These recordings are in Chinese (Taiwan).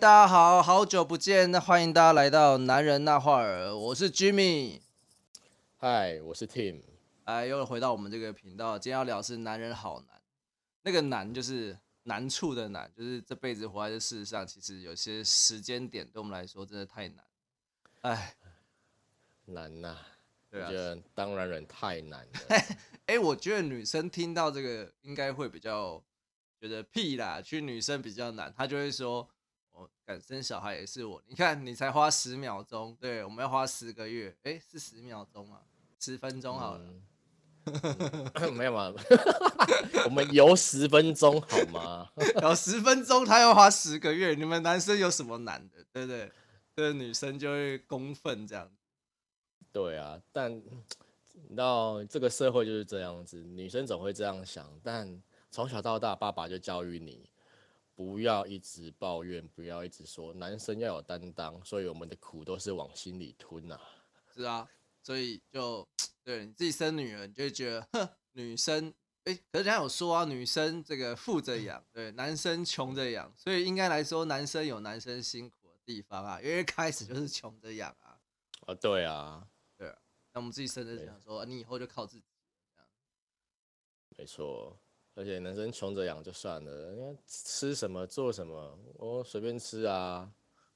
大家好，好久不見，那歡迎大家來到男人那話兒，我是 Jimmy，嗨，Hi, 我是 Tim，哎，又回到我們這個頻道，今天要聊的是男人好難，那個難就是難處的難，就是這輩子活在這世上，其實有些時間點對我們來說真的太難，哎，難吶、啊，對啊，我覺得當男人太難了， 哎，我覺得女生聽到這個應該會比較覺得屁啦，其實女生比較難，她就會說。我、哦、敢生小孩也是我，你看你才花十秒鐘，對，我們要花十個月，哎，是十秒鐘啊，十分鐘好了，沒有啊， 我們有十分鐘好嗎？然後 十分鐘，他要花十個月，你們男生有什麼難的？對不對？就女生就會公憤這樣，對啊，但你知道這個社會就是這樣子，女生總會這樣想，但從小到大，爸爸就教育你。不要一直抱怨，不要一直說男生要有擔當，所以我們的苦都是往心裡吞吶、啊。是啊，所以就對你自己生女兒，你就會覺得哼，女生哎、欸，可是人家有說啊，女生這個富着養，對，男生窮着養，所以應該來說，男生有男生辛苦的地方啊，因為開始就是窮着養啊。啊，對啊，對，那我們自己生的想說、啊，你以後就靠自己這樣，沒錯。而且男生窮着養就算了，你吃什麼做什麼，我、哦、隨便吃啊，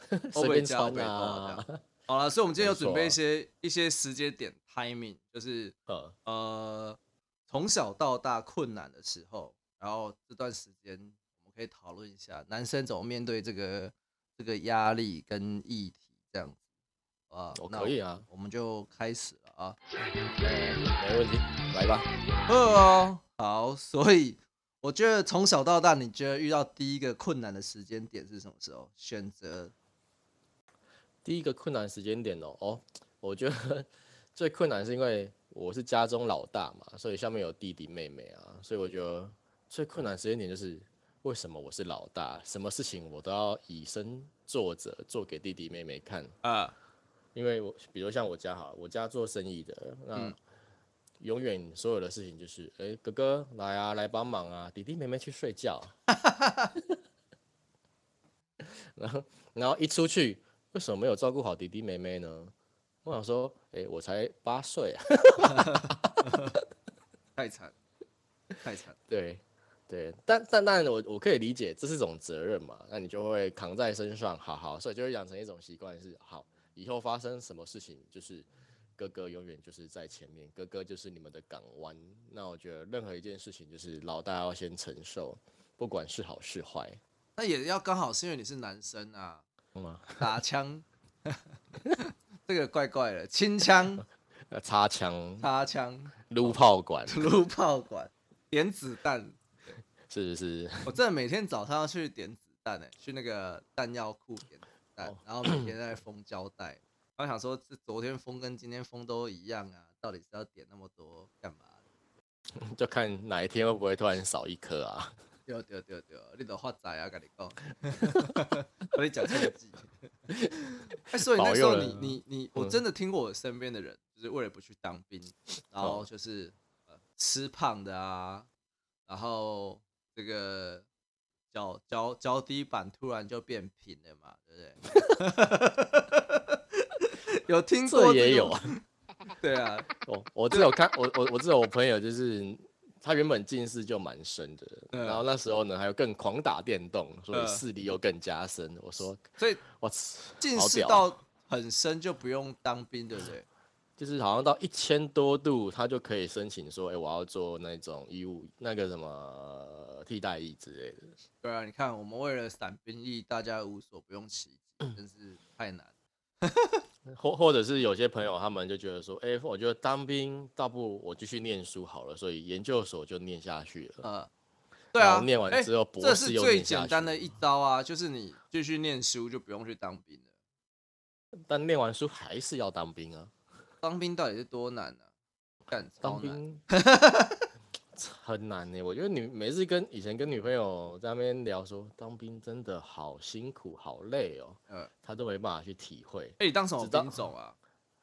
隨 便穿啊。啊啊好了，所以我們今天有準備一些、啊、一些時間點 timing，就是呃呃從小到大困難的時候，然後這段時間我們可以討論一下男生怎麼面對這個這個壓力跟議題這樣子。啊，啦、哦，可以啊，我們就開始了啊。呃、沒問題，來吧，喝哦。好，所以我覺得從小到大，你覺得遇到第一個困難的時間點是什麼時候選？選擇第一個困難時間點哦、喔，哦，我覺得最困難是因為我是家中老大嘛，所以下面有弟弟妹妹啊，所以我覺得最困難時間點就是為什麼我是老大，什麼事情我都要以身作則，做給弟弟妹妹看啊。因為我比如像我家哈，我家做生意的那。嗯永遠所有的事情就是，哎，哥哥來啊，來幫忙啊，弟弟妹妹去睡覺。 然後，然後一出去，為什麼沒有照顧好弟弟妹妹呢？我想說，哎，我才八歲啊， 太慘，太慘。對，對，但但但我我可以理解，這是一種責任嘛，那你就會扛在身上，好好，所以就會養成一種習慣，是好，以後發生什麼事情就是。哥哥永遠就是在前面，哥哥就是你們的港灣。那我覺得任何一件事情就是老大要先承受，不管是好是壞，那也要剛好是因為你是男生啊，打槍， 這個怪怪的，清槍，擦槍，擦槍，擼、哦、炮管，擼炮管，點子彈，是不是？我真的每天早上要去點子彈、欸，去那個彈藥庫點子彈、哦，然後每天在封膠帶。 我想說，這昨天風跟今天風都一樣啊，到底是要點那麼多幹嘛？就看哪一天會不會突然少一顆啊？ 對對對對，你的發財啊！跟你講，哎 所以那時候你你你，你你我真的聽過我身邊的人、嗯，就是為了不去當兵，然後就是、呃、吃胖的啊，然後這個腳腳腳底板突然就變平了嘛，對不對？ 有聽過這這也有、啊， 對啊。哦，我這種看我我我這我朋友就是，他原本近視就蠻深的，嗯、然後那時候呢還有更狂打電動，所以視力又更加深。嗯、我說，所以我近視到很深就不用當兵對不對？就是好像到一千多度，他就可以申請說，哎、欸，我要做那種醫務那個什麼替代役之類的。對啊，你看我們為了散兵役，大家無所不用其極，真是太難了。 或或者是有些朋友，他們就覺得說，哎、欸，我覺得當兵倒不如，我繼續唸書好了，所以研究所就唸下去了。嗯、對啊，唸完之後、欸，這是最簡單的一刀啊，就是你繼續唸書就不用去當兵了。但唸完書還是要當兵啊。當兵到底是多難啊？幹超難。 很難呢、欸，我覺得女每次跟以前跟女朋友在那邊聊說，說當兵真的好辛苦，好累哦、喔嗯。他都沒辦法去體會。哎、欸，你當什麼兵種啊？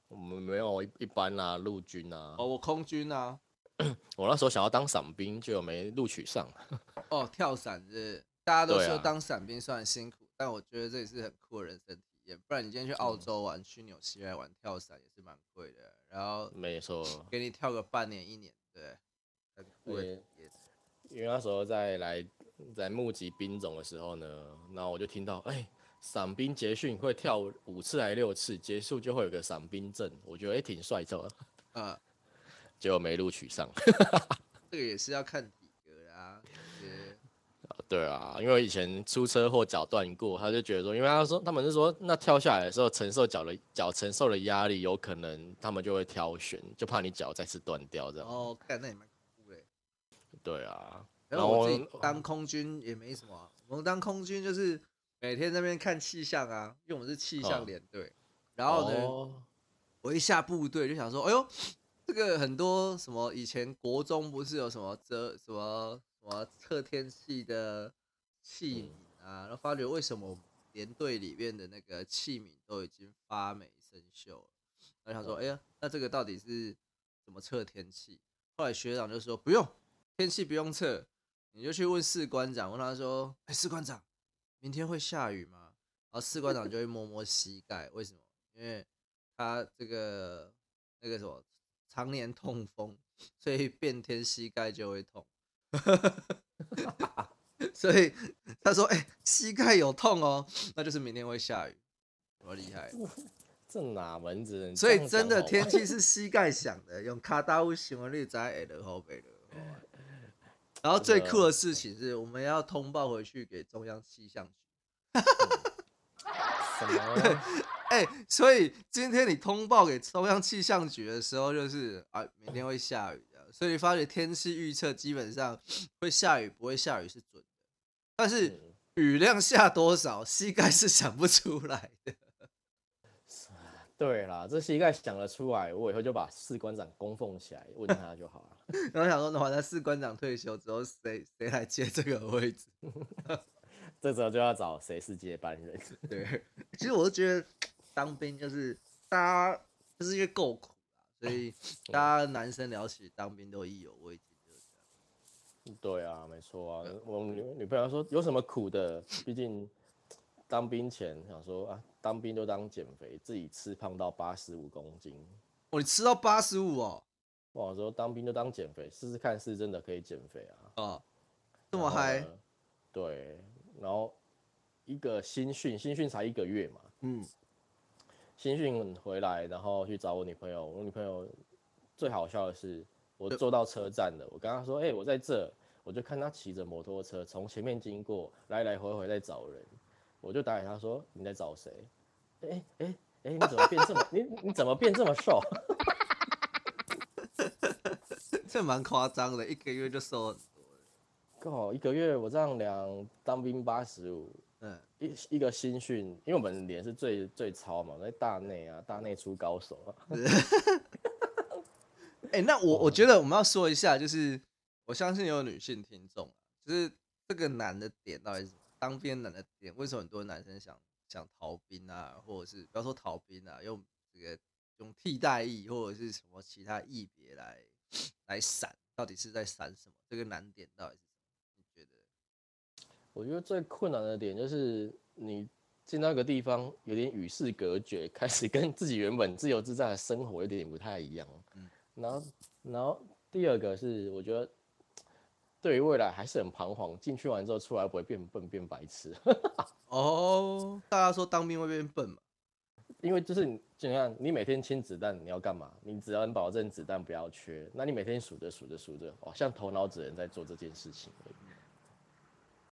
我們沒有一,一般啊，陸軍啊。哦，我空軍啊。 我那時候想要當傘兵，就有沒錄取上。哦，跳傘是、是大家都說當傘兵雖然辛苦、啊，但我覺得這也是很酷的人生體驗。不然你今天去澳洲玩，嗯、去紐西蘭玩跳傘也是蠻貴的。然後，沒錯。給你跳個半年一年，對。對，因為那時候在來在募集兵種的時候呢，然後我就聽到，哎、欸，傘兵結訓會跳五次還是六次，結束就會有個傘兵證，我覺得哎、欸、挺帥的啊。啊、嗯，結果沒錄取上。嗯、呵呵 這個也是要看體格啊，啊。對啊，因為以前出車禍腳斷過，他就覺得說，因為他說他們是說，那跳下來的時候承受腳的腳承受的壓力，有可能他們就會挑選，就怕你腳再次斷掉這樣。哦，對啊，然後我自己當空軍也沒什麼、啊，我們當空軍就是每天在那邊看氣象啊，因為我們是氣象連隊。嗯、然後呢、哦，我一下部隊就想說，哎呦，這個很多什麼以前國中不是有什麼測什麼什麼測天氣的器皿啊、嗯，然後發覺為什麼連隊裡面的那個器皿都已經發霉生鏽了。然後想說，哎呀，那這個到底是怎麼測天氣？後來學長就說不用。天氣不用測，你就去問士官長，問他說：“哎、欸，士官長，明天會下雨嗎？”然後士官長就會摸摸膝蓋，為什麼？因為他這個那個什麼常年痛風，所以變天膝蓋就會痛。 所以他說：“哎、欸，膝蓋有痛哦、喔，那就是明天會下雨。有有厲”多厲害！這哪門子？所以真的天氣是膝蓋響的，用卡達烏喜歡率在耳朵後背的流流。然後最酷的事情是我們要通報回去給中央氣象局、 嗯。什麼？哎、 欸，所以今天你通報給中央氣象局的時候，就是啊，明天會下雨的。所以發覺天氣預測基本上會下雨不會下雨是準的，但是雨量下多少，膝蓋是想不出來的。對啦，這膝蓋想得出來，我以後就把士官長供奉起來，問他就好了。 然後想說，那士官長退休之後，誰誰來接這個位置？ 這時候就要找誰是接班人。對， 其實我都覺得當兵就是大家就是因為夠苦，所以大家男生聊起 當兵都意猶未盡，就這樣。對啊，沒錯啊，我女女朋友說有什麼苦的，畢竟。當兵前想說啊，當兵就當減肥，自己吃胖到八十五公斤。我、哦，你吃到八十五哦？我說當兵就當減肥，試試看是真的可以減肥啊。啊，這麼嗨？對，然後一個新訓，新訓才一個月嘛。嗯。新訓回來，然後去找我女朋友。我女朋友最好笑的是，我坐到車站的，我跟她說，哎、欸，我在這，我就看她騎着摩托車從前面經過，來來回回在找人。我就打給他說：“你在找誰？”哎哎哎，你怎麼變這麼 你你怎麼變這麼瘦？ 這蠻誇張的，一個月就瘦了。剛好一個月，我丈量當兵八十五，嗯，一一個新訓，因為我們臉是最最糙嘛，在大內啊，大內出高手啊。哈哈哈。哎，那我我覺得我們要說一下，就是我相信有女性聽眾，就是這個男的點到底是什麼。當兵難的點，為什麼很多男生想想逃兵啊，或者是不要說逃兵啊，用這個用替代役或者是什麼其他役別，來來閃，到底是在閃什麼？這個難點到底是什麼？你覺得？我覺得最困難的點就是你進到一個地方，有點與世隔絕，開始跟自己原本自由自在的生活有點不太一樣。嗯，然後然後第二個是我覺得。對於未來還是很彷徨。進去完之後出來會不會變笨變白痴？哦、 oh，大家說當兵會變笨嗎？因為就是你，你看你每天清子彈，你要幹嘛？你只要能保證子彈不要缺，那你每天數着數着數着，好、哦、像頭腦只能在做這件事情而已。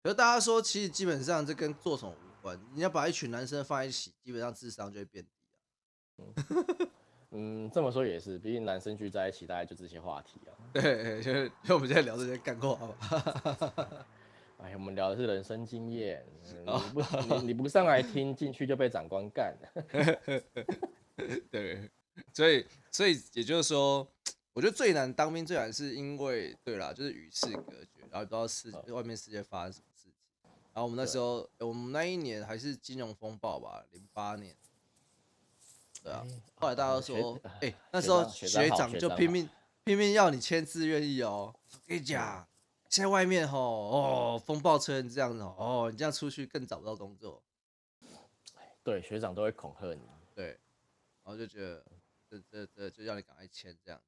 而大家說，其實基本上這跟做什麼無關。你要把一群男生放在一起，基本上智商就會變低了。 嗯，這麼說也是，畢竟男生聚在一起，大概就這些話題啊。對，就為,為我們現在聊這些幹話 哎呀，我們聊的是人生經驗、哦，你不、哦、你,你不上來聽，進 去就被長官幹。 對，所以所以也就是說，我覺得最難當兵最難是因為，對啦，就是與世隔絕，然後不知道世、哦、外面世界發生什麼事情。然後我們那時候，欸、我們那一年還是金融風暴吧，零八年。對、欸、啊，後來大家都說，哎、欸，那時候學長、學長、學長、學長就拼命拼命要你簽字，願意哦。我跟你講，現在外面吼哦，風暴吹成這樣子哦，你這樣出去更找不到工作。對，學長都會恐嚇你。對，然後就覺得這這這就叫你趕快簽這樣。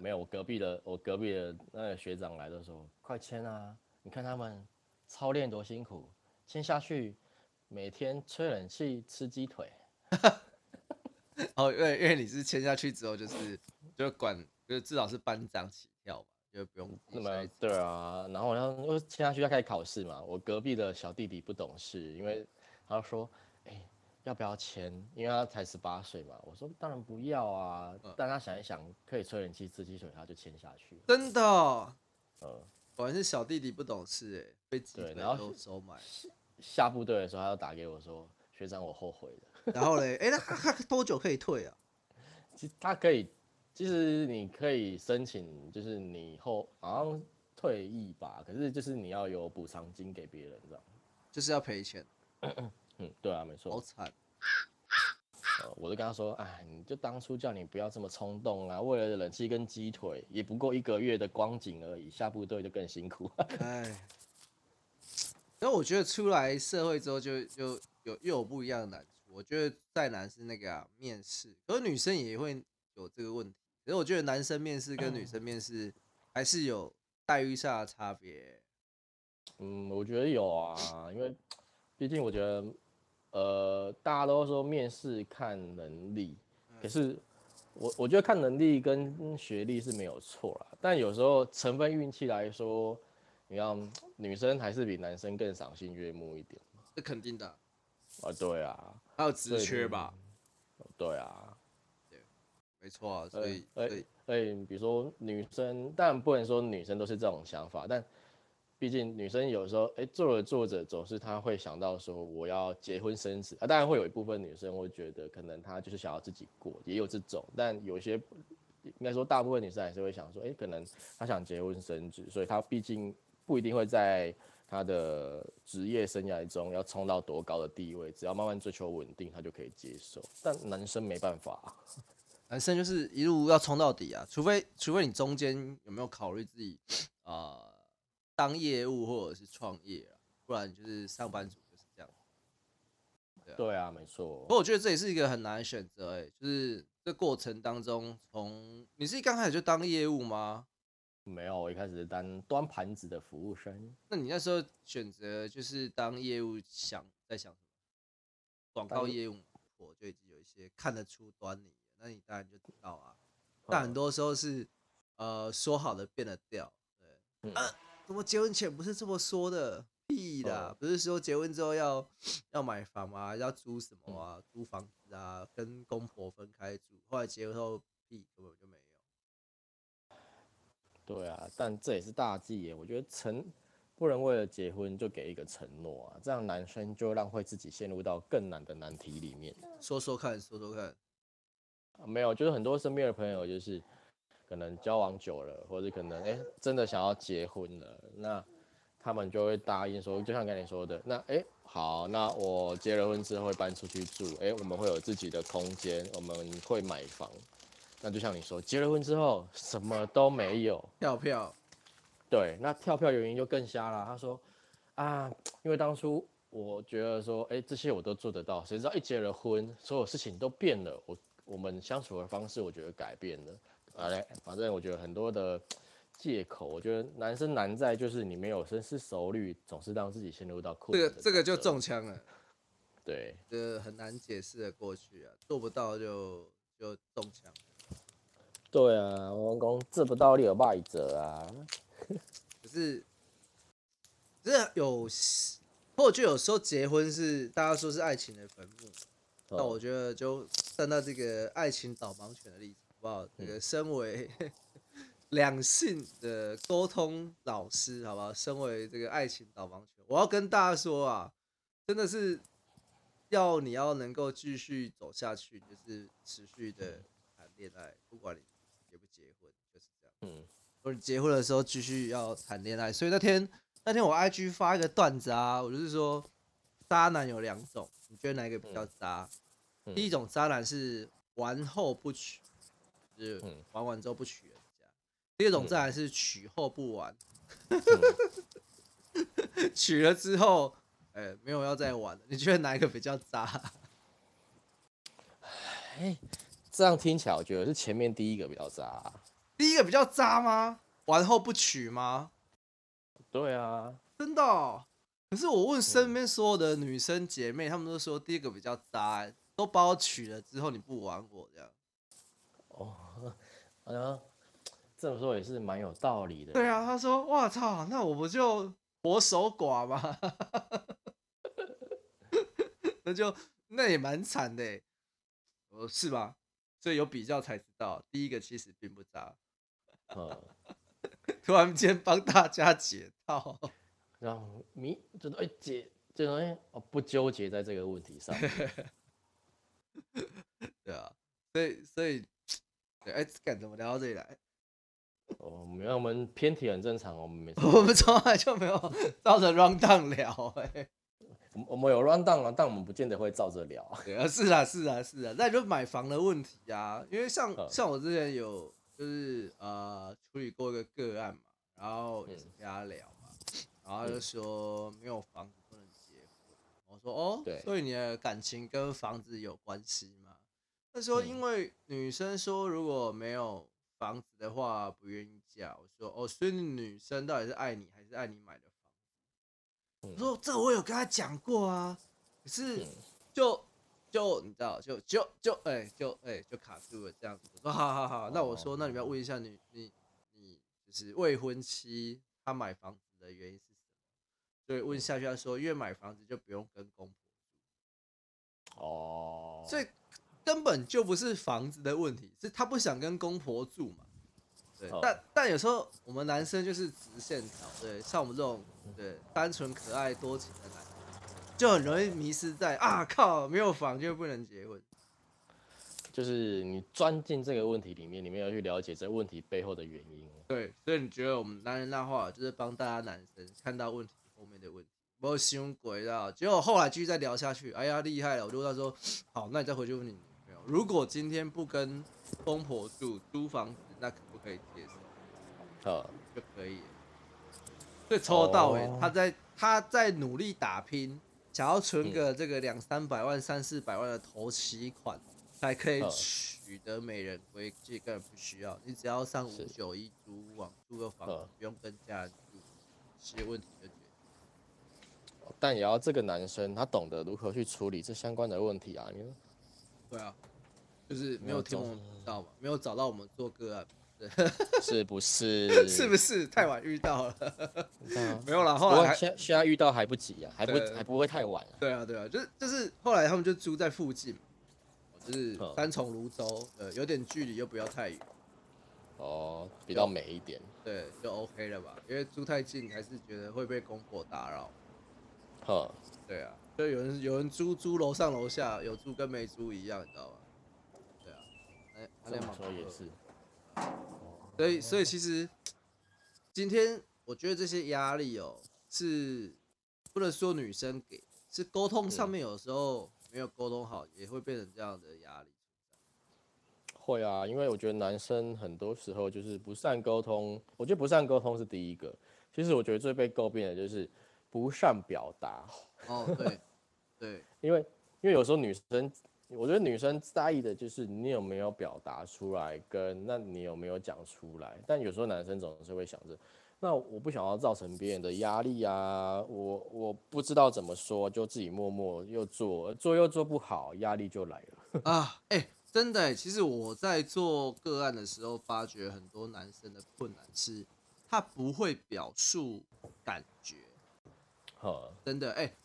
沒有，我隔壁的我隔壁的那個學長來的時候，快簽啊！你看他們操練多辛苦，簽下去每天吹冷氣吃雞腿。 哦，因為因為你是簽下去之後，就是就管，就至少是班長起跳嘛，就不用那麼對啊。然後因為簽下去要開始考試嘛。我隔壁的小弟弟不懂事，因為他說，哎、欸，要不要簽？因為他才十八歲嘛。我說當然不要啊、嗯，但他想一想，可以吹人氣吃雞腿，他就簽下去。真的、哦？呃、嗯，果然是小弟弟不懂事哎、欸，被基本都收買。下部隊的時候，他就打給我說，學長，我後悔了。 然後咧，哎、欸，那還多久可以退啊？其實他可以，其實你可以申請，就是你後好像退役吧，可是就是你要有補償金給別人這樣，就是要賠錢。 嗯對啊，沒錯。好慘！我都跟他說，哎，你就當初叫你不要這麼衝動啊，為了冷氣跟雞腿，也不過一個月的光景而已，下部隊就更辛苦。哎， 但我覺得出來社會之後就，就就有又有，有不一樣的難我覺得再難是那個啊，面試。可是女生也會有這個問題。可是我覺得男生面試跟女生面試還是有待遇上的差別，欸。嗯，我覺得有啊，因為畢竟我覺得，呃，大家都說面試看能力，嗯、可是我我覺得看能力跟學歷是沒有錯啦。但有時候成分運氣來說，你要女生還是比男生更賞心悅目一點。是肯定的，啊。啊，對啊，還有職缺吧，對啊，對，沒錯，所以，所以，所以，欸，比如說女生，但不能說女生都是這種想法，但畢竟女生有時候，哎、欸，做着做着總是她會想到說我要結婚生子啊，當然會有一部分女生會覺得可能她就是想要自己過，也有這種，但有些應該說大部分女生還是會想說，哎、欸，可能她想結婚生子，所以她畢竟不一定會在。他的職業生涯中要衝到多高的地位，只要慢慢追求穩定，他就可以接受。但男生沒辦法、啊，男生就是一路要衝到底啊！除非除非你中間有沒有考慮自己啊、呃、當業務或者是創業、啊，不然就是上班族就是這樣對、啊。對啊，沒錯。不過我覺得這也是一個很難的選擇誒、欸，就是這過程當中，從你是剛開始就當業務嗎？沒有，我一開始是當端盤子的服務生。那你那時候選擇就是當業務想，想在想什麼？廣告業務，我就已經有一些看得出端倪。那你當然就知道啊。但很多時候是，哦、呃，說好的變了調。對、嗯。啊，怎麼結婚前不是這麼說的？屁的、啊，不是說結婚之後要要買房嗎、啊？要租什麼啊、嗯？租房子啊，跟公婆分開住。後來結婚後屁，屁根本就沒。對啊，但這也是大忌耶。我覺得承不能為了結婚就給一個承諾啊，這樣男生就讓會自己陷入到更難的難題裡面。說說看，說說看，啊、沒有，就是很多身邊的朋友就是可能交往久了，或者可能哎、欸、真的想要結婚了，那他們就會答應說，就像跟你說的，那哎、欸、好，那我結了婚之後會搬出去住，哎、欸、我們會有自己的空間，我們會買房。那就像你說，結了婚之後什麼都沒有跳票，對，那跳票原因就更瞎了。他說，啊，因為當初我覺得說，哎、欸，這些我都做得到，誰知道一結了婚，所有事情都變了。我我們相處的方式，我覺得改變了。好嘞，反正我覺得很多的借口，我覺得男生難在就是你沒有深思熟慮，總是讓自己陷入到困這個這個就中槍了，對，這很難解釋的過去啊，做不到就就中槍。對啊，王公治不到你而敗者啊。 可是，這是有，或者有時候結婚是大家說是愛情的墳墓，哦，那我覺得就站到這個愛情導盲犬的例子，好不好？這、嗯那個身為兩性的溝通老師，好不好？身為這個愛情導盲犬，我要跟大家說啊，真的是要你要能夠繼續走下去，就是持續的談戀愛，不管你。嗯，或者結婚的時候繼續要談戀愛，所以那天那天我 IG 發一個段子啊，我就是說渣男有兩種，你覺得哪一個比較渣？嗯嗯、第一種渣男是玩後不娶，就是、嗯、玩完之後不娶人家；第二種渣男是娶後不玩，娶、嗯、 了之後、欸，沒有要再玩，你覺得哪一個比較渣？哎，這樣聽起來，我覺得是前面第一個比較渣、啊。第一個比較渣嗎？完後不娶嗎？對啊，真的、喔。可是我問身邊所有的女生姐妹，她、嗯、們都說第一個比較渣、欸，都把我娶了之後你不玩我這樣。哦，好、啊、像、啊、這麼說也是蠻有道理的。對啊，他說我操，那我不就我守寡嗎？ 那就那也蠻慘的、欸。哦，是吧？所以有比較才知道，第一個其實並不渣。呃，突然間幫大家解套，然後你覺得哎解，覺得哎，我不糾結在這個問題上。 對啊，所以所以，哎，這、欸、怎麼聊到這裡來？哦，我們我們偏題很正常，我們沒，我們從來就沒有照着 rundown 聊哎、欸。我們有 rundown 但我們不見得會照着聊。啊，是啊，是啊，是啊，那就買房的問題啊，因為像像我之前有。就是呃，處理過一個個案嘛，然後也跟他聊嘛，嗯、然後他就說沒有房子不能結婚。我說哦，對，所以你的感情跟房子有關係嗎？他說因為女生說如果沒有房子的話不願意嫁。嗯，我說哦，所以女生到底是愛你還是愛你買的房子，嗯？我說這個我有跟他講過啊，可是就。嗯就你知道，就就就哎，就哎、欸欸，就卡住了這樣子。我說好好好，那我說，那你們要問一下你你你，你就是未婚妻她買房子的原因是什麼？對，問下去她說，因為買房子就不用跟公婆住。哦、oh.，所以根本就不是房子的問題，是她不想跟公婆住嘛。對，oh. 但但有時候我們男生就是直線條，對，像我們這種對單純可愛多情的男生。就很容易迷失在啊靠，沒有房就不能結婚，就是你鑽進這個問題裡面，你沒有去了解這個問題背後的原因。對，所以你覺得我們男人那話就是幫大家男生看到問題後面的問題，我心鬼了。結果後來繼續再聊下去，哎呀厲害了，我就跟他說好，那你再回去問你女朋友，如果今天不跟公婆住，租房子那可不可以接受？呃，就可以。所以從頭到尾，oh. 他在他在努力打拼。想要存個這個兩三百萬、三四百萬的頭期款，才、嗯、可以取得美人歸，這根本不需要。你只要上五九一租網租個房子，不用跟家租，這些問題就解決。但也要這個男生他懂得如何去處理這相關的問題啊？你說？對啊，就是沒有聽到沒有找到我們做個案。 是不是 是不是太晚遇到了？ 沒有了，後來現現在遇到還不急呀，、啊，還不，啊、還不會太晚，啊。對啊對啊，就是就是後來他們就租在附近，就是三重蘆洲，呃，有點距離又不要太遠。哦，比較美一點。對，就 OK 了吧？因為租太近還是覺得會被公婆打擾。哈，對啊，就有人有人租租樓上樓下，有租跟沒租一樣，你知道嗎？對啊，他那麼說也是。所以，所以其實今天我覺得這些壓力哦，是不能說女生給，是溝通上面有時候沒有溝通好，也會變成這樣的壓力。會啊，因為我覺得男生很多時候就是不善溝通，我覺得不善溝通是第一個。其實我覺得最被詬病的就是不善表達。哦，對，對， 因為因為有時候女生。我覺得女生在意的就是你有沒有表達出來，跟那你有沒有講出來。但有時候男生總是會想着，那我不想要造成別人的壓力啊，我我不知道怎麼說，就自己默默又做，做又做不好，壓力就來了啊！哎、欸，真的、欸，其實我在做個案的時候，發覺很多男生的困難是他不會表述感覺。好，真的哎、欸，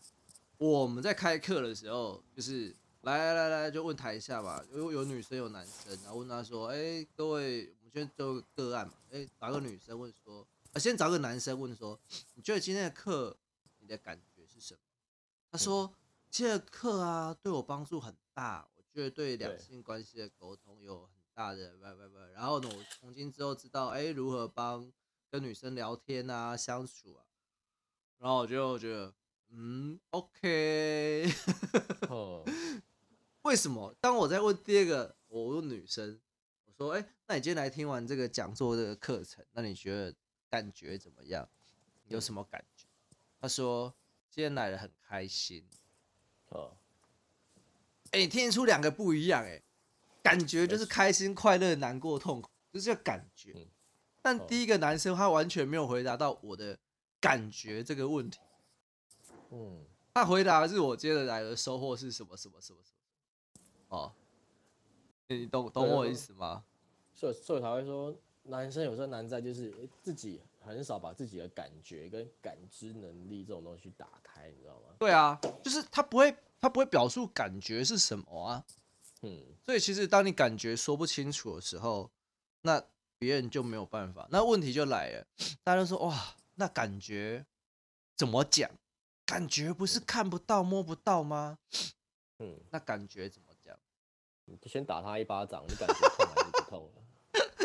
我們在開課的時候就是。來來來，就問台下吧。有有女生有男生，然後問他說：“哎，各位，我們先做個案嘛。”哎，找個女生問說：“啊，先找個男生問說，你覺得今天的課你的感覺是什麼？”他說，嗯：“今天的課啊，對我幫助很大，我覺得對兩性關係的溝通有很大的……然後呢，我從今之後知道，哎，如何幫跟女生聊天啊，相處啊，然後我就我覺得，嗯，OK，哦。 呵”為什麼？當我在問第二個，我問女生，我說：“哎、欸，那你今天來聽完這個講座的課程，那你覺得感覺怎麼樣？有什麼感覺？”她說：“今天來的很開心。”哦，哎、欸，你聽出兩個不一樣，哎、欸，感覺就是開心、快樂、難過、痛苦，就是個感覺。但第一個男生他完全沒有回答到我的感覺這個問題。嗯，他回答的是我今天來的收穫是什麼什麼什麼什麼。哦，你懂懂我意思嗎？啊、所以所以才會說，男生有時候難在，就是自己很少把自己的感覺跟感知能力這種東西打開，你知道嗎？對啊，就是他不會，他不會表述感覺是什麼啊。嗯，所以其實當你感覺說不清楚的時候，那別人就沒有辦法。那問題就來了，大家都說哇，那感覺怎麼講？感覺不是看不到、摸不到嗎？嗯，那感覺怎麼？就先打他一巴掌， 你感覺痛還是不痛？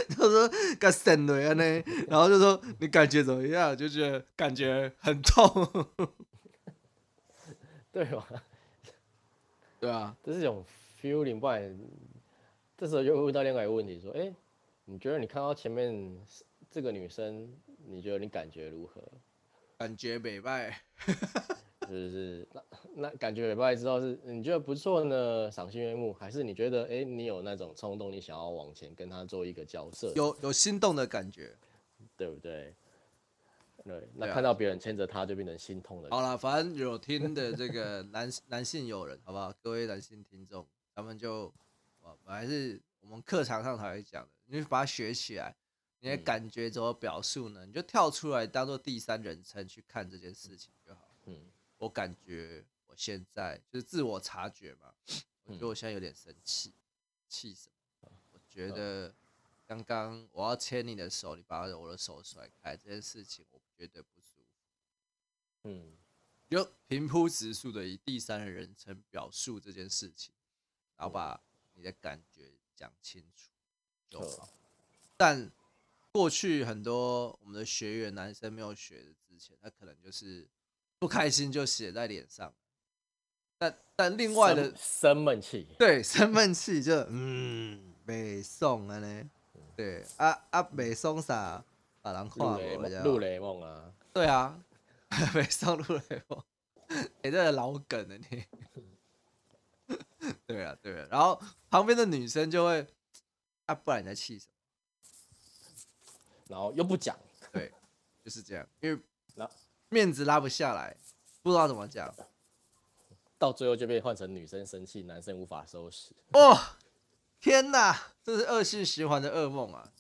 他、啊、 說：“他啊、 然後就說：“你感覺怎麼樣？就是感覺很痛， 對吧？對啊，這是一種 feeling。不然，這時候就會問到另外一個問題：說，哎、欸，你覺得你看到前面這個女生，你覺得你感覺如何？感覺美不美。 ”是不是那那感覺？不太知道是你覺得不錯呢，賞心悅目，還是你覺得哎、欸，你有那種衝動，你想要往前跟他做一個交涉？有有心動的感覺，對不對？對，那看到別人牽着他就變成心痛的、啊。好了，反正有聽的這個男 男性友人，好不好？各位男性聽眾，咱們就啊，本來是我們課堂上才會講的，你就把它學起來。你的感覺怎麼表述呢？嗯、你就跳出來，當做第三人稱去看這件事情就好。嗯。我感覺我現在就是自我察覺嘛，我覺得我現在有點生氣。氣什麼？我覺得剛剛我要牽你的手，你把我的手甩開這件事情，我覺得不舒服。嗯，就平鋪直述的以第三人稱表述這件事情，然後把你的感覺講清楚就好、嗯。但過去很多我們的學員男生沒有學的之前，他可能就是。不開心就寫在臉上，但但另外的生悶氣，對，生悶氣就嗯，沒送啊呢、嗯、對啊啊，沒、啊、送啥？啊，南曠啊，陸雷夢啊，對啊，沒送陸雷夢，哎、欸，這個、老梗了、欸、你 對、啊，對啊對，然後旁邊的女生就會啊，不然你在氣什麼？然後又不講，對，就是這樣，因為那。面子拉不下來，不知道怎麼講，到最後就被換成女生生氣，男生無法收拾。哦，天哪，這是惡性循環的噩夢啊！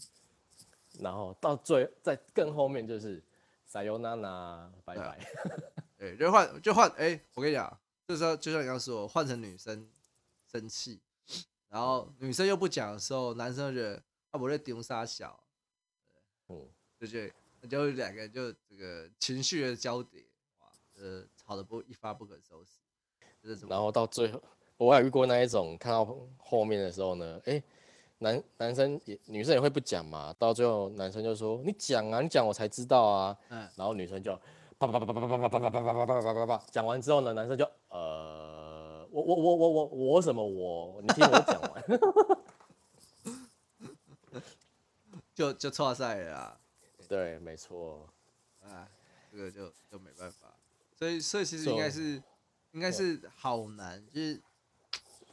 然後到最在更後面就是 Sayonara，拜拜。對，就換就換。哎、欸，我跟你講，就是說就像你剛說，換成女生生氣，然後女生又不講的時候，男生就覺得啊我在丟沙小，嗯，對不對？就兩個人就這個情緒的交疊，呃，就是、吵得不一發不可收拾、就是。然後到最後，我也有遇過那一種，看到後面的時候呢，哎、欸，男男生也女生也會不講嘛。到最後男生就說：“你講啊，你講我才知道啊。”嗯，然後女生就叭叭叭叭叭叭叭叭叭叭叭叭叭叭講完之後呢，男生就呃，我我我我我什麼我？你聽我講完， 就就挫賽了。對，沒錯，啊，這個就就沒辦法，所以所以其實應該是應該是好難，嗯，就是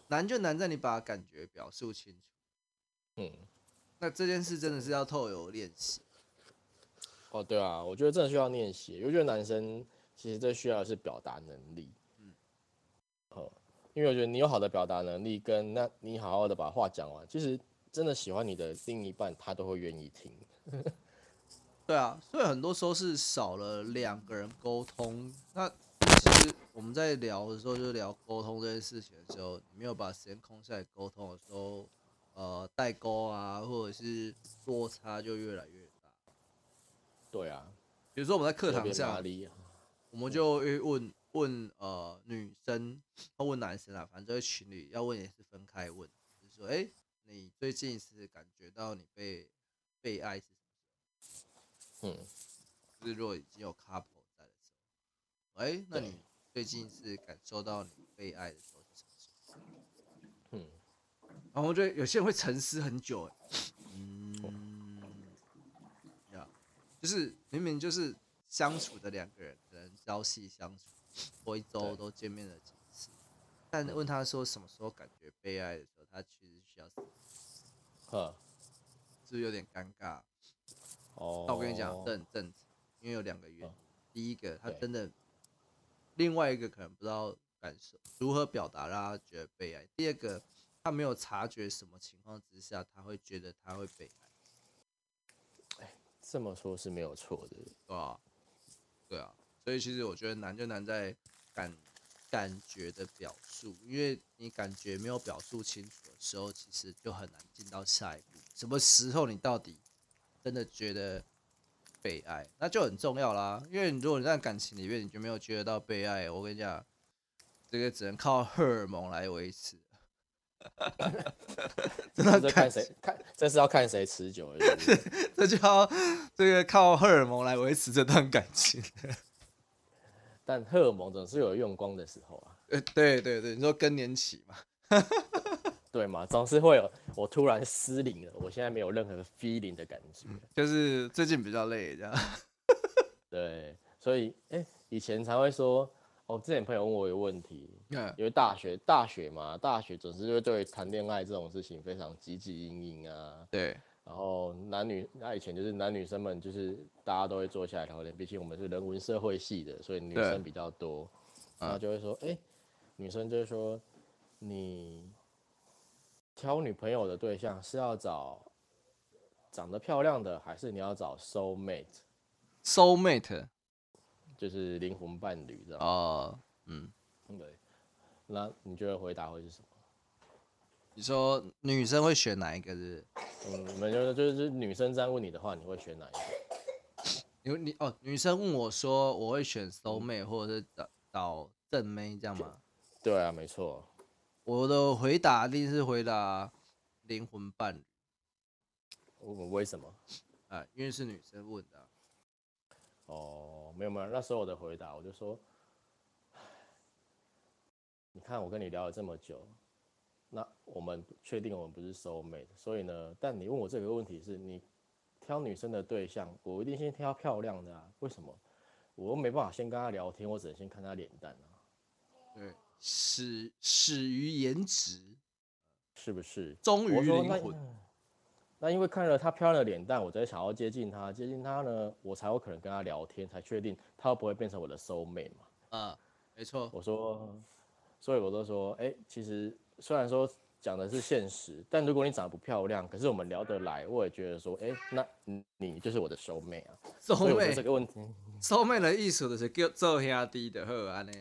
難就難在你把感覺表述清楚。嗯，那這件事真的是要透有練習。哦，對啊，我覺得真的需要練習。我覺得男生其實最需要的是表達能力。嗯，因為我覺得你有好的表達能力，跟那你好好的把話講完，其實真的喜歡你的另一半，他都會願意聽。 對啊，所以很多時候是少了兩個人溝通。那其實我們在聊的時候，就聊溝通這件事情的時候，你沒有把時間空下來溝通的時候，呃，代溝啊，或者是落差就越來越大。對啊，比如說我們在課堂上，啊、我們就會問，問呃女生，他問男生啊，反正這個群裡要問也是分開問，就是說，哎，你最近是感覺到你被被愛是？嗯，如果已經有 couple 在的時候，哎、欸，那你最近是感受到你被愛的時候是什麼時候？嗯，然後我覺得有些人會沉思很久、欸，嗯，呀、哦嗯，就是明明就是相處的兩個人，可能朝夕相處，過一周都見面了幾次，但問他說什麼時候感覺被愛的時候，他其實需要思考。呵，是不是有點尷尬？那、哦、我跟你講，哦、這很正常，因為有兩個原因。哦、第一個，他真的；另外一個可能不知道感受如何表達，讓他覺得被愛。第二個，他沒有察覺什麼情況之下，他會覺得他會被愛。哎，這麼說是沒有錯的，啊，對啊，所以其實我覺得難就難在感感覺的表述，因為你感覺沒有表述清楚的時候，其實就很難進到下一步。什麼時候你到底真的覺得被愛，那就很重要啦。因為你如果你在感情裡面，你就沒有覺得到被愛，欸，我跟你講，這個只能靠荷爾蒙來維持。真看誰看，這是要看誰持久是不是？ 這就要 這，這個靠荷爾蒙來維持這段感情。但荷爾蒙總是有用光的時候啊。欸、對對對，你說更年期嘛。 對嘛，總是會有我突然失靈了，我現在沒有任何 feeling 的感覺，嗯，就是最近比較累這樣。 對，所以哎、欸，以前才會說，哦，之前朋友問我一個問題，嗯，因為大學大學嘛，大學總是會對談戀愛這種事情非常汲汲營營啊。對，然後男女，那以前就是男女生們就是大家都會坐下來討論，畢竟我們是人文社會系的，所以女生比較多，然後就會說，哎，嗯欸，女生就會說你，挑女朋友的對象是要找長得漂亮的，還是你要找 soul mate？soul mate 就是靈魂伴侶的。哦，oh, 嗯，對。那你覺得回答會是什麼？你說女生會選哪一個？是？嗯，你們就是就是女生這樣問你的話，你會選哪一個？你你哦，女生問我說我會選 soul mate，或者是找找正妹這樣嗎？對，對啊，沒錯。我的回答一定是回答靈魂伴侶。我為什麼？啊，因為是女生問的啊。哦，沒有沒有，那時候我的回答我就說，你看我跟你聊了這麼久，那我們確定我們不是 soul mate，所以呢，但你問我這個問題是你挑女生的對象，我一定先挑漂亮的啊。為什麼？我又沒辦法先跟她聊天，我只能先看她臉蛋啊。對。始始於顏值，是不是？終於靈魂那。那因為看了她漂亮的臉蛋，我才想要接近她，接近她呢，我才有可能跟她聊天，才確定她不會變成我的 soulmate 嘛。嗯、啊，沒錯。我說，所以我都說，哎、欸，其實雖然說講的是現實，但如果你長得不漂亮，可是我們聊得來，我也覺得說，哎、欸，那你就是我的 soulmate 啊。soulmate 這個問題，soulmate 的意思就是叫做兄弟的好，安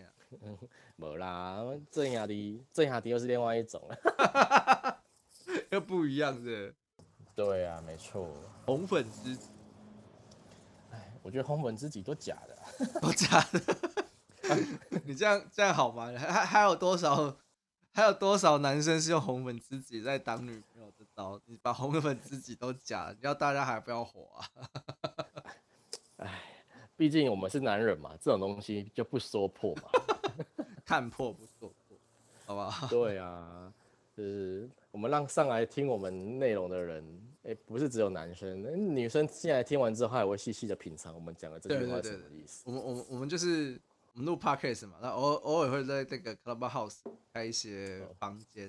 沒啦，正雅迪，正雅迪又是另外一種了， 又不一樣的。對啊，沒錯，紅粉知己。哎，我覺得紅粉知己都假的， 都假的。 你這樣這樣好嗎？還還有多少還有多少男生是用紅粉知己在當女朋友的？到你把紅粉知己都假，你要大家還不要火啊？哎 畢竟我們是男人嘛，這種東西就不說破嘛。 看破不說破，好不好？對啊，就是我們讓上來聽我們內容的人，誒、欸，不是只有男生，欸、女生進來聽完之後，她也會細細的品嘗我們講的這句話什麼意思。對對對對我們我們我們就是我們錄 podcast 嘛，那偶偶爾會在這個 Club House 開一些房間、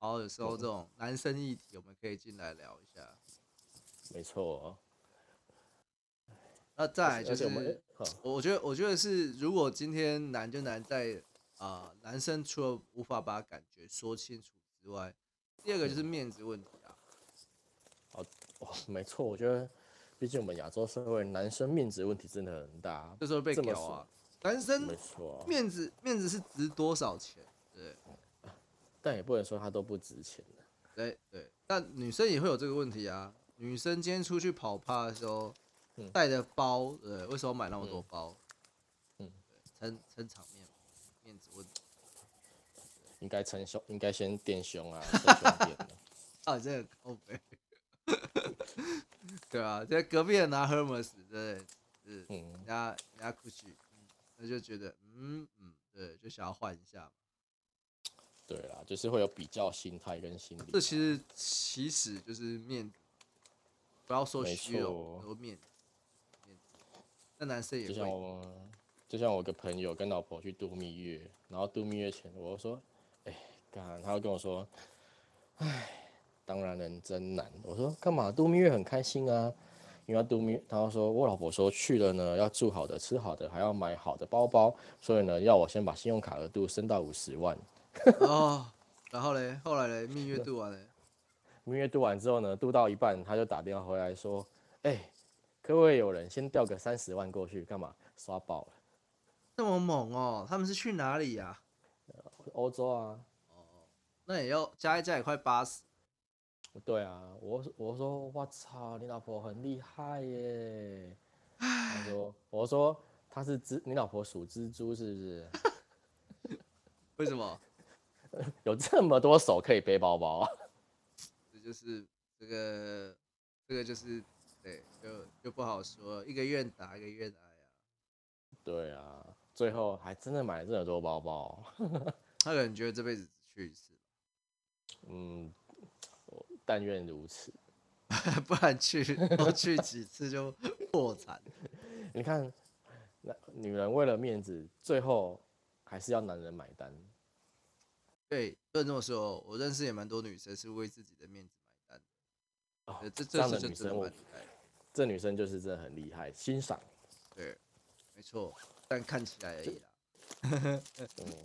哦，然後有時候這種男生議題，我們可以進來聊一下。嗯、沒錯、哦。那再來就是，我,們欸哦、我覺得我覺得是，如果今天難就難在。啊、呃，男生除了無法把感覺說清楚之外，第二個就是面子問題啊。嗯、哦，哇，沒錯，我覺得，畢竟我們亞洲社會，男生面子問題真的很大，這時候被屌啊，男生，沒錯，面子，面子是值多少錢？對，但也不能說他都不值錢、啊、對對，但女生也會有這個問題啊。女生今天出去跑趴的時候，帶、嗯、着包，對，為什麼買那麼多包？嗯，撐撐場面。面子問題，應該稱胸，應該先墊胸啊，稱胸墊了。 啊，這靠北。 對啊，這隔壁人拿 Hermes，對、就是，嗯，人家人家過去、嗯，那就覺得，嗯，嗯對，就想要換一下。對啦，就是會有比較心態跟心理。這其實其實就是面，不要說肌肉，很多面。那男生也會。就像我個朋友跟老婆去度蜜月，然後度蜜月前，我就說：“哎、欸，幹！”他就跟我說：“哎，當然人真難。”我說：“幹嘛度蜜月很開心啊？因為度蜜月，他說我老婆說去了呢，要住好的、吃好的，還要買好的包包，所以呢，要我先把信用卡額度升到五十萬呵呵。哦，然後嘞，後來嘞，蜜月度完嘞，蜜月度完之後呢，度到一半，他就打電話回來說：“哎、欸，可不可以有人先調個三十萬過去？幹嘛刷爆了？”這麼猛哦、喔！他們是去哪裡呀、啊？歐洲啊。哦，那也要加一加，也快八十。對啊，我我說我操，你老婆很厲害耶！ 他說：“我說她是蜘，你老婆屬蜘蛛是不是？ 為什麼 有這麼多手可以背包包？”這就是這個這個就是對，就就不好說，一個願打一個願挨啊。對啊。最後還真的買了這麼多包包，喔，他可能覺得這輩子只去一次。嗯，我但願如此， 不然去多去幾次就破 產。你看，那女人為了面子，最後還是要男人買單。對，就這麼說。我認識也蠻多女生是為自己的面子買單的。哦，這，這樣的女生我，這女生就是真的很厲害，欣賞。對，沒錯。但看起來而已啦，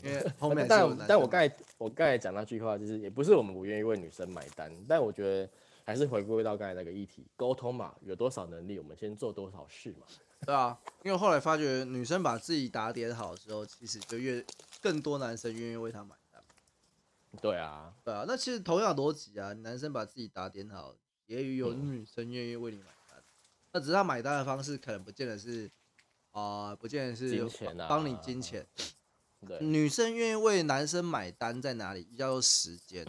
因為後面但但我剛才我剛才講那句話就是，也不是我們不願意為女生買單，但我覺得還是回歸到剛才那個議題，溝通嘛，有多少能力我們先做多少事嘛。對啊，因為後來發覺女生把自己打點好的時候，其實就越更多男生願意為她買單。對啊，對啊，那其實同樣邏輯啊，男生把自己打點好，也有女生願意為你買單，嗯。那只是他買單的方式可能不見得是。啊、呃，不見得是幫你、啊、你金錢。對，女生願意為男生買單在哪裡？要有時間。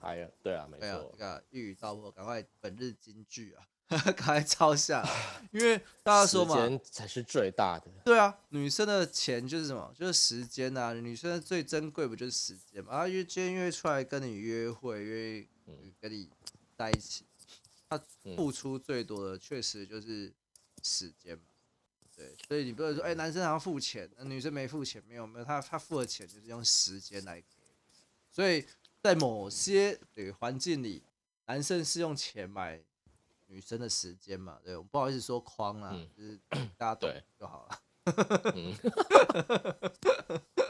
哎呀，對啊，沒錯，對啊，一語道破，趕快本日金句啊，趕 快抄下，因為大家說嘛，時間才是最大的。對啊，女生的錢就是什麼？就是時間吶、啊。女生的最珍貴不就是時間嘛？啊，約見、約出來跟你約會、約跟你在一起，她付出最多的確實就是。時間嘛，對，所以你不能說，哎、欸，男生好像付錢，那、呃、女生沒付錢，沒有沒有，他他付的錢就是用時間來給，所以在某些對環境裡，男生是用錢買女生的時間嘛，對，我不好意思說框啊、嗯，就是大家懂就好了，對，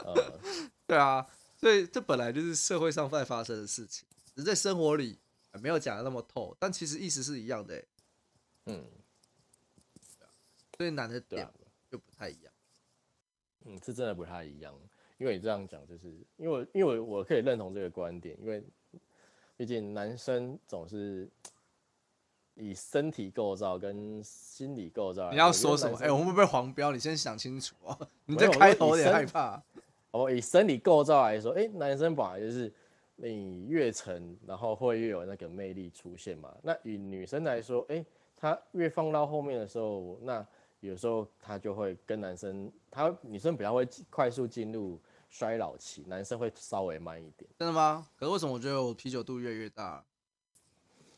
嗯、 對啊，所以這本來就是社會上在發生的事情，只是在生活裡還沒有講的那麼透，但其實意思是一樣的、欸，嗯。所以男的對、啊，就不太一樣，嗯，是真的不太一樣。因為你這樣講，就是因為我因為我可以認同這個觀點，因為畢竟男生總是以身體構造跟心理構造。你要說什麼？哎、欸，我們會不會黃標？你先想清楚、啊。你這開頭有點害怕。哦，以身， 以身體構造來說，哎、欸，男生本來就是你越沉，然後會越有那個魅力出現嘛。那以女生來說，哎、欸，她越放到後面的時候，那有時候他就會跟男生，他，女生比較會快速進入衰老期，男生會稍微慢一點。真的嗎？可是為什麼我覺得我啤酒肚越來越大？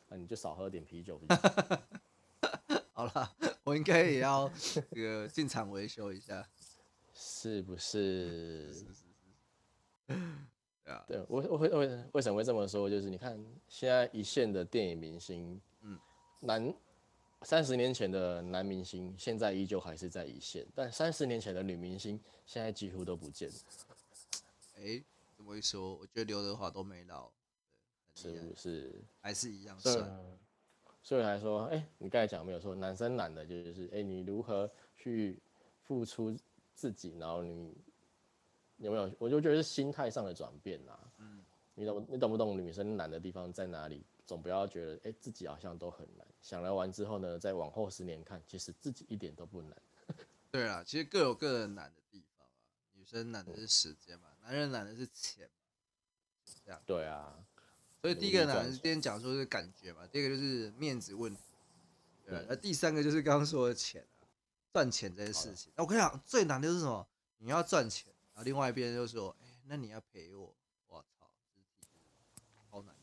那，啊，你就少喝點啤酒。 好了，我應該也要這個進場維修一下， 是不是？ 是是是是對啊，對，我我會我會為什麼會這麼說？就是你看現在一線的電影明星，嗯，男。三十年前的男明星，現在依舊還是在一線，但三十年前的女明星，現在幾乎都不見了。哎、欸，這麼一說，我覺得劉德華都沒老，是不是？還是一樣，是。所以來說，哎、欸，你剛才講沒有說男生懶的就是，哎、欸，你如何去付出自己，然後你，你有沒有？我就覺得是心態上的轉變吶、啊。嗯，你懂你懂不懂女生懶的地方在哪裡？總不要覺得，哎、欸，自己好像都很難。想了完之後呢，再往後十年看，其實自己一點都不難。對啊，其實各有各難的，的地方啊。女生難的是時間嘛、嗯，男人難的是錢嘛這樣，對啊。所以第一個難是你今天講說是感覺嘛，第二個就是面子問題。對、啊嗯。而第三個就是剛剛說的錢啊，賺錢這些事情。我跟你講，最難的就是什麼？你要賺錢，然後另外一邊就說，哎、欸，那你要陪我。我操！好難。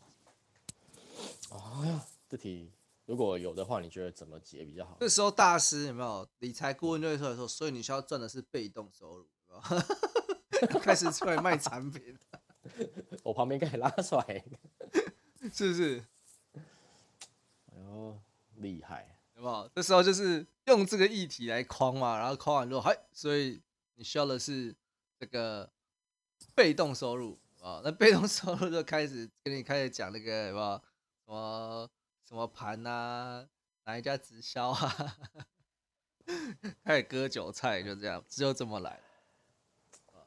哦、啊、呀，這題。如果有的話，你覺得怎麼結比較好？這時候大師有沒有理財顧問就會說：“說，所以你需要賺的是被動收入。有有” 開始出來賣產品， 我旁邊給你拉出來，是不是？哎呦，厲害，有沒有？這時候就是用這個議題來框嘛，然後框完之後，嘿，所以你需要的是這個被動收入啊。那被動收入就開始跟你開始講那個什麼什麼。有什麼盤啊？哪一家直銷啊呵呵？開始割韭菜，就這樣，只有這麼來。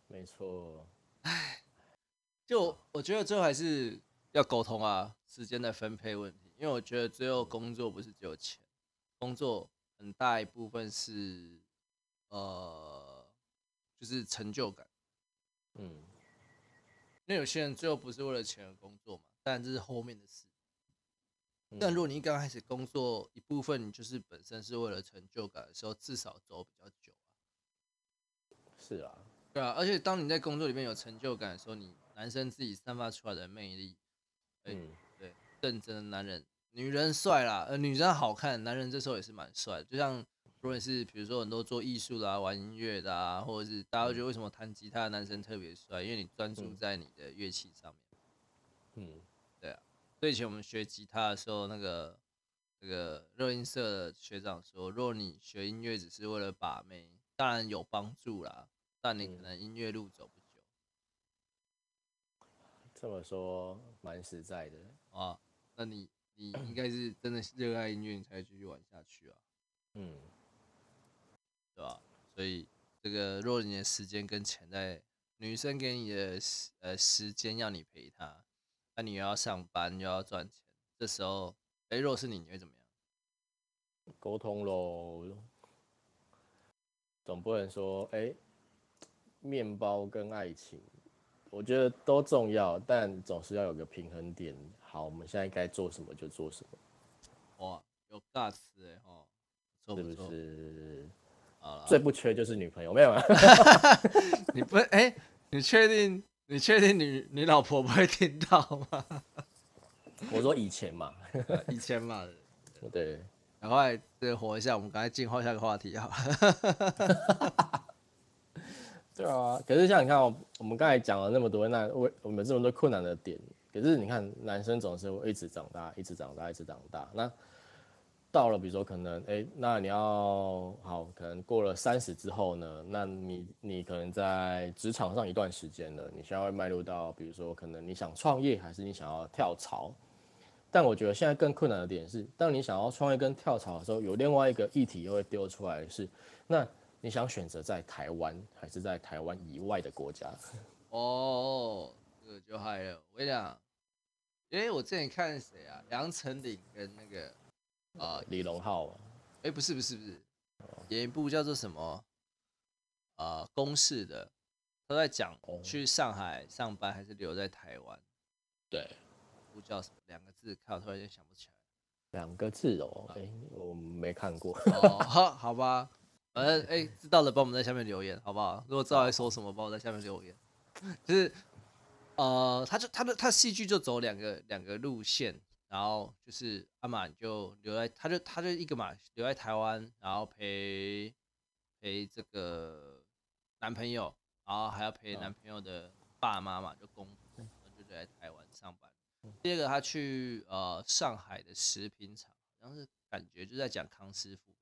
沒錯，唉，就我覺得最後還是要溝通啊，時間的分配問題。因為我覺得最後工作不是只有錢，工作很大一部分是呃，就是成就感。嗯，那有些人最後不是為了錢而工作嘛，但這是後面的事。但如果你剛開始工作，一部分你就是本身是為了成就感的時候，至少走比較久啊。是啊，對啊，而且當你在工作裡面有成就感的時候，你男生自己散發出來的魅力，嗯，對，認真的男人，女人帥啦，呃，女人好看，男人這時候也是蠻帥的。就像如果是比如說很多做藝術的啊、玩音樂的啊，或者是大家覺得為什麼彈吉他的男生特別帥，因為你專注在你的樂器上面，嗯。嗯所以以前我們學吉他的時候，那個，那個那個熱音社的學長說，若你學音樂只是為了把妹，當然有幫助啦，但你可能音樂路走不久。嗯、這麼說蠻實在的啊，那你你應該是真的熱愛音樂，你才會繼續玩下去啊。嗯，對吧，啊？所以這個，若你的時間跟潛在女生給你的時呃時間要你陪她，那、啊、你又要上班又要賺錢，這時候，哎、欸，若是你，你會怎麼樣？溝通咯，總不能說哎，麵包跟愛情，我覺得都重要，但總是要有個平衡點。好，我們現在該做什麼就做什麼。哇，有大詞哎、欸、哦不做不做，是不是？最不缺就是女朋友，沒有啊、 欸？你不哎，你確定？你確定你，你老婆不會聽到嗎？我說以前嘛， 以前嘛，對。然後就活一下，我們趕快進化一下個話題哈。 對啊，可是像你看，我們剛才講了那麼多，那我我們這麼多困難的點，可是你看，男生總是會一直長大，一直長大，一直長大。那到了，比如說可能哎、欸，那你要好，可能過了三十之後呢，那你你可能在職場上一段時間了，你想要邁入到比如說可能你想創業，還是你想要跳槽？但我覺得現在更困難的點是，當你想要創業跟跳槽的時候，有另外一個議題又會丟出來是，是那你想選擇在台灣還是在台灣以外的國家？哦，這個就害了，我跟你講，因、欸、為我之前看誰啊，楊丞琳跟那個。啊、呃，李榮浩，哎、欸，不是不是不是、哦，演一部叫做什麼？呃，公式的，都在講、哦、去上海上班還是留在台灣？對，不知道什麼兩個字？靠，突然間想不起來，兩個字哦，哎、欸欸，我沒看過，哦、好，好吧，反正哎，知道了，幫我們在下面留言，好不好？如果知道在說什麼，幫我在下面留言， 就是，呃，他就他的他戲劇就走兩個兩個路線。然後就是阿滿就留在，他就他就一個嘛，留在台灣，然後陪陪這個男朋友，然後還要陪男朋友的爸媽嘛，就工作就留在台灣上班。第二個他去呃上海的食品廠，然後是感覺就在講康師傅，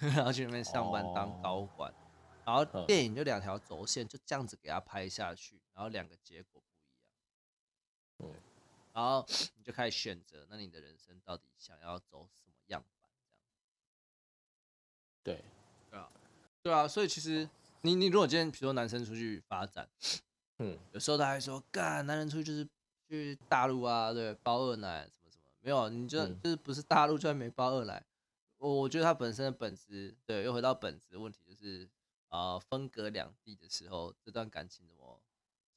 然後去那邊上班當高管。Oh. 然後電影就兩條軸線就這樣子給他拍下去，然後兩個結果不一樣。對然後你就開始選擇，那你的人生到底想要走什麼樣版這樣？對，對啊，對啊，所以其實你你如果今天比如說男生出去發展，嗯，有時候他還說，幹男人出去就是去大陸啊，對，包二奶什麼什麼，沒有，你就、嗯、就是不是大陸，就還沒包二奶。我我覺得他本身的本質，對，又回到本質的問題，就是啊，分隔兩地的時候，這段感情怎麼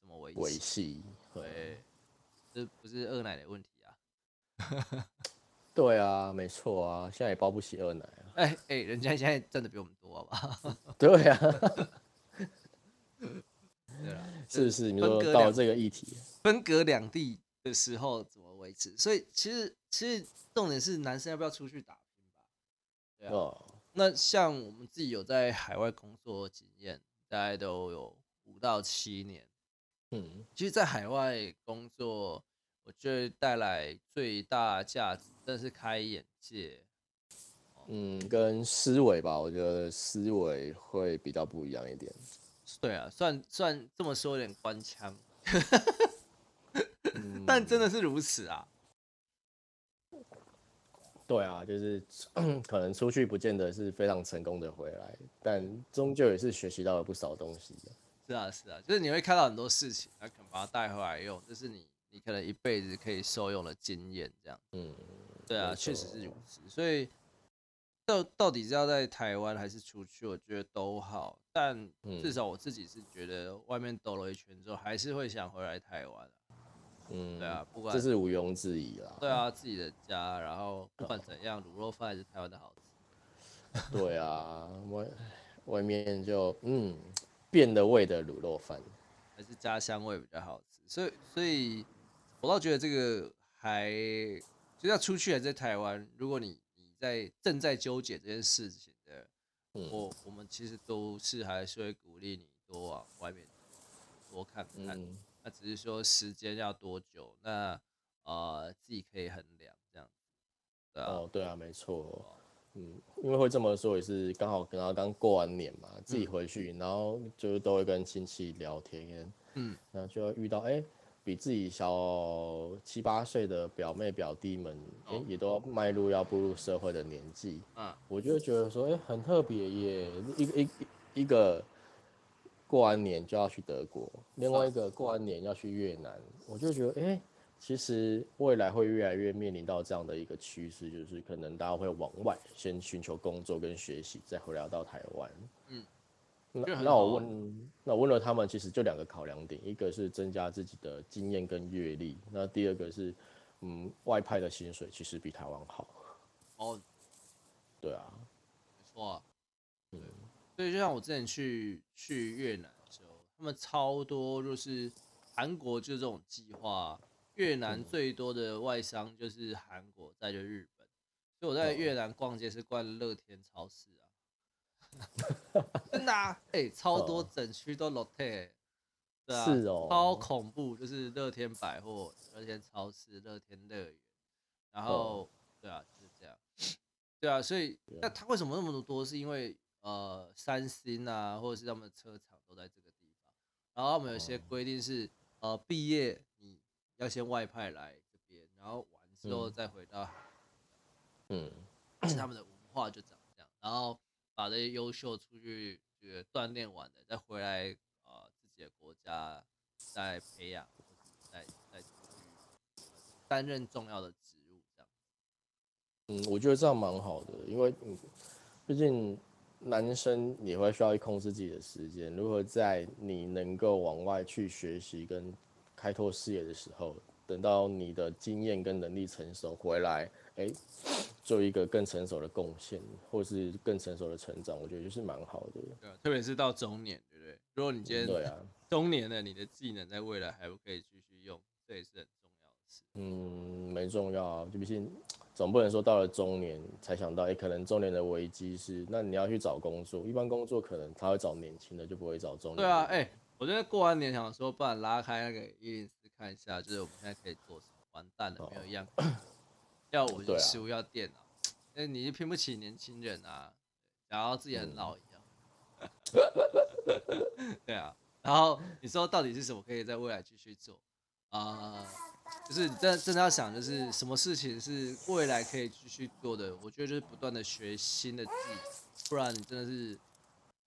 怎麼維繫？維繫，對。嗯這不是二奶的問題啊， 對啊，沒錯啊，現在也包不起二奶啊。哎、欸、哎、欸，人家現在掙的比我們多吧？ 對啊， 對啊，是不是分？你說到這個議題，分隔兩地的時候怎麼維持？所以其實其實重點是男生要不要出去打拼吧？對啊，Oh. 那像我們自己有在海外工作經驗，大概都有五到七年。嗯，其實，在海外工作，我覺得帶來最大價值，真的是開眼界。嗯，跟思維吧，我覺得思維會比較不一樣一點。對啊，算算這麼說有點官腔、 嗯，但真的是如此啊。對啊，就是可能出去不見得是非常成功的回來，但終究也是學習到了不少東西。是啊，是啊，就是你會看到很多事情，啊、可能把它帶回來用，這是你你可能一輩子可以受用的經驗，這樣。嗯，對啊，確實是如此。所以到到底是要在台灣還是出去，我覺得都好，但至少我自己是覺得外面兜了一圈之後，還是會想回來台灣、啊。嗯，對啊，不管這是毋庸置疑啦、啊。對啊，自己的家，然後不管怎樣，滷肉飯還是台灣的好吃。嗯、 對啊，外外面就嗯。變了味的滷肉飯，還是家鄉味比較好吃。所以，所以我倒覺得這個還，就要出去還是在台灣。如果你你在正在糾結這件事情的，嗯、我我們其實都是還是會鼓勵你多往外面多看看。那、嗯啊、只是說時間要多久，那呃自己可以衡量這樣子。哦，對啊，沒錯。嗯嗯，因為會這麼說也是剛好，然後剛過完年嘛，自己回去，嗯、然後就是都會跟親戚聊天，嗯，然後就會遇到，哎、欸，比自己小七八歲的表妹表弟們，哎、欸，oh. 也都要邁入要步入社會的年紀，嗯、uh.，我就覺得說，哎、欸，很特別耶，uh. 一一一個過完年就要去德國，另外一個過完年要去越南，我就覺得，哎、欸。其實未來會越來越面臨到這樣的一個趨勢，就是可能大家會往外先尋求工作跟學習，再回來到台灣。嗯那，那我問，那我問了他們，其實就兩個考量點，一個是增加自己的經驗跟閱歷，那第二個是，嗯，外派的薪水其實比台灣好。哦，對啊，沒錯、啊，對，所以就像我之前去去越南的時候，他們超多就是韓國就這種計劃。越南最多的外商就是韓國，再就是日本。所以我在越南逛街是逛樂天超市啊， 真的啊，誒、欸，超多整區都樂天、欸，對啊，是哦，超恐怖，就是樂天百貨、樂天超市、樂天樂園，然後對啊，就是這樣，對啊，所以那他為什麼那麼多？是因為呃，三星啊，或者是他們的車廠都在這個地方，然後我們有些規定是、嗯、呃，畢業。要先外派來這邊，然後完之後再回到，嗯，他們的文化就長這樣、嗯嗯，然後把這些優秀出去，就鍛鍊完了再回來，呃，自己的國家再培養，再再去擔任重要的職務，這樣。嗯，我覺得這樣蠻好的，因為畢竟男生你會需要去控制自己的時間，如何在你能夠往外去學習跟。開拓事業的時候，等到你的經驗跟能力成熟回來，誒、欸，做一個更成熟的貢獻，或是更成熟的成長，我覺得就是蠻好的。對啊，特別是到中年，對不對？如果你今天對啊，中年了，你的技能在未來還不可以繼續用，這也是很重要的。嗯，沒重要啊，就不信總不能說到了中年才想到，誒、欸，可能中年的危機是，那你要去找工作，一般工作可能他會找年輕的，就不會找中年。對啊，哎、欸。我覺得過完年想說，不然拉開那個一零四看一下，就是我們現在可以做什麼？完蛋了，沒有一樣。要我就修要電腦，那、啊、你就拼不起年輕人啊，然後自己很老一樣。嗯、 對啊，然後你說到底是什麼可以在未來繼續做啊、呃？就是你真真的要想，就是什麼事情是未來可以繼續做的？我覺得就是不斷的學新的技能，不然你真的是。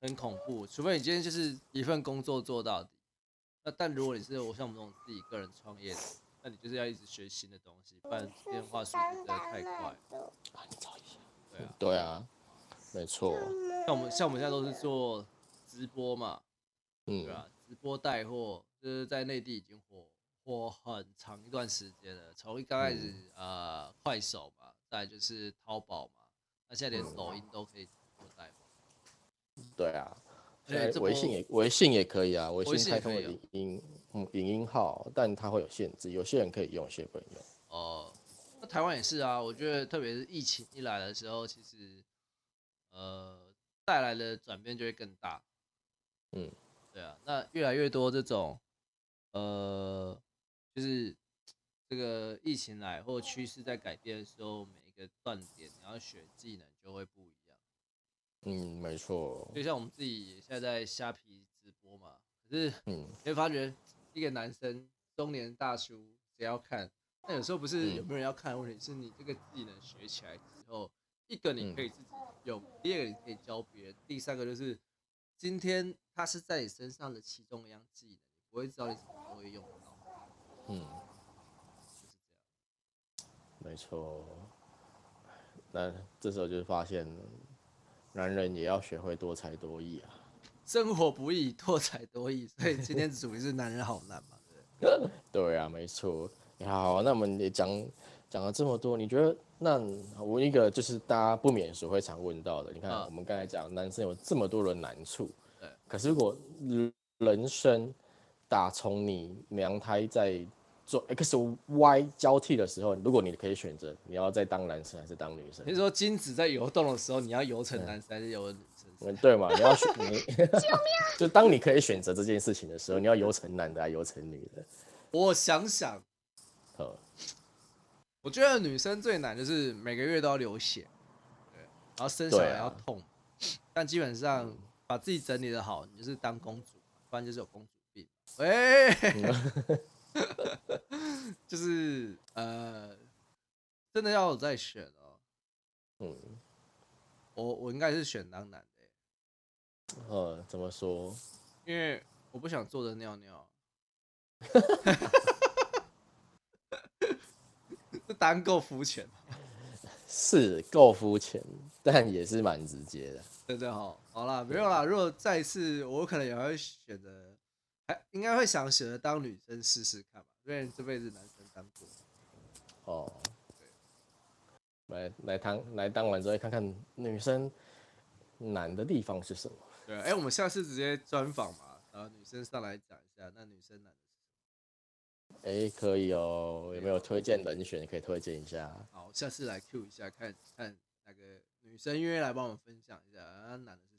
很恐怖，除非你今天就是一份工作做到底。那但如果你是，我像我們這種自己個人創業的，那你就是要一直學新的東西，不然變化速度實在太快。啊，你找一下。對啊，對啊，沒錯。像我們像我們現在都是做直播嘛，對吧、啊嗯，直播帶貨就是在內地已經火火很長一段時間了，從一剛開始啊、嗯呃、快手嘛，再就是淘寶嘛，那現在連抖音都可以。對啊，現在微信也、欸、這微信也可以啊，微信開通了語音，嗯，語音號，但它會有限制，有些人可以用，有些人不用。哦、呃，那台灣也是啊，我覺得特別是疫情一來的時候，其實，呃，帶來的轉變就會更大。嗯，對啊，那越來越多這種，呃，就是這個疫情來或趨勢在改變的時候，每一個斷點，然後學技能就會不一樣。嗯，沒錯，就像我們自己現在在蝦皮直播嘛，可是嗯，你會發覺一個男生、嗯、中年大叔只要看，那有時候不是有沒有人要看的問題，嗯、是你這個技能學起來之後，一個你可以自己用，第、嗯、二個你可以教別人，第三個就是今天他是在你身上的其中一樣技能，你不會知道你怎麼會用得到，嗯，就是這樣，沒錯，那這時候就發現了。男人也要學會多才多藝啊，生活不易，多才多藝，所以今天主題是男人好難嘛，對， 對啊，沒錯。好，好，那我們也講講了這麼多，你覺得那我一個就是大家不免會常問到的，你看、啊、我們剛才講男生有這麼多的難處，可是如果人生打從你娘胎在。做 X Y 交替的時候，如果你可以選擇，你要再當男生還是當女生？所、就、以、是、說精子在游動的時候，你要游成男生還是游女生、嗯？對嘛？你要選。救 命你！ 就當你可以選擇這件事情的時候，你要游成男的還是游成女的？我想想，我覺得女生最難就是每個月都要流血，然後生小孩要痛、啊，但基本上把自己整理的好，你就是當公主，不然就是有公主病。哎、欸。嗯 就是呃，真的要再選哦。嗯，我我應該是選當男的。呃，怎麼說？因為我不想坐着尿尿。答案夠膚淺。是夠膚淺，但也是蠻直接的。 對對，好，好好啦，沒有啦。如果再一次，我可能也會選擇。哎，應該會想，選擇當女生試試看吧，因為這輩子男生當過了。哦，對。來來，來，來當來當完之後，看看女生難的地方是什麼。對，哎，我們下次直接專訪嘛，然後女生上來講一下，那女生難。哎，可以哦，有沒有推薦人選？可以推薦一下。好，下次來 Q 一下，看看那個女生願意來幫我們分享一下啊，難的是。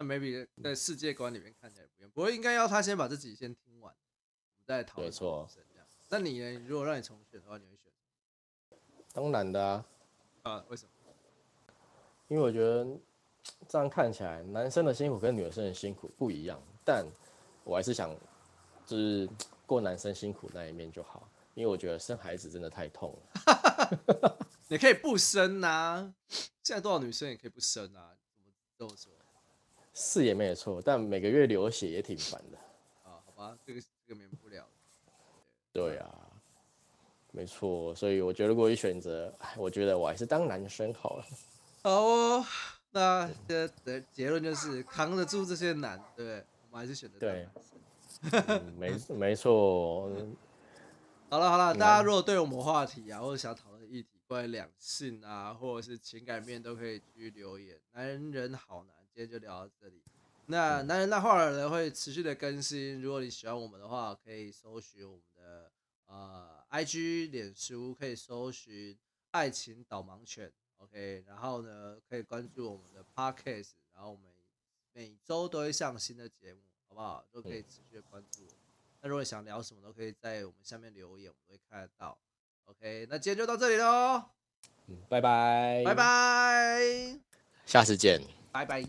那 maybe 在世界觀裡面看起來不用，不過應該要他先把自己先聽完，再討論生這樣。沒錯。那你呢？如果讓你重選的話，你會選什麼？當然的啊。啊？為什麼？因為我覺得這樣看起來，男生的辛苦跟女生的辛苦不一樣，但我還是想就是過男生辛苦那一面就好，因為我覺得生孩子真的太痛了。 你可以不生啊， 現在多少女生也可以不生啊，怎麼都說是也沒有錯，但每個月流血也挺煩的啊。好吧，這個這個免不了。對，對啊，沒錯，所以我覺得如果你選擇，我覺得我還是當男生好了。好、哦，那結的結論就是扛得住這些難，對，我們還是選擇當男生對。嗯、沒 沒錯 ，好了好了，大家如果對我們話題啊，或者想討論議題，關於兩性啊，或者是情感面，都可以去留言。男人好難。今天就聊到這裡。那男人那兒呢會持續的更新。如果你喜歡我們的話，可以搜尋我們的呃 I G 臉書，可以搜尋愛情導盲犬 O K。Okay? 然後呢，可以關注我們的 Podcast。然後我們每周都會上新的節目，好不好？都可以持續的關注、嗯。那如果想聊什麼，都可以在我們下面留言，我們會看得到。O、okay? K，那今天就到這裡嘍。嗯，拜拜，拜拜，下次見，拜拜。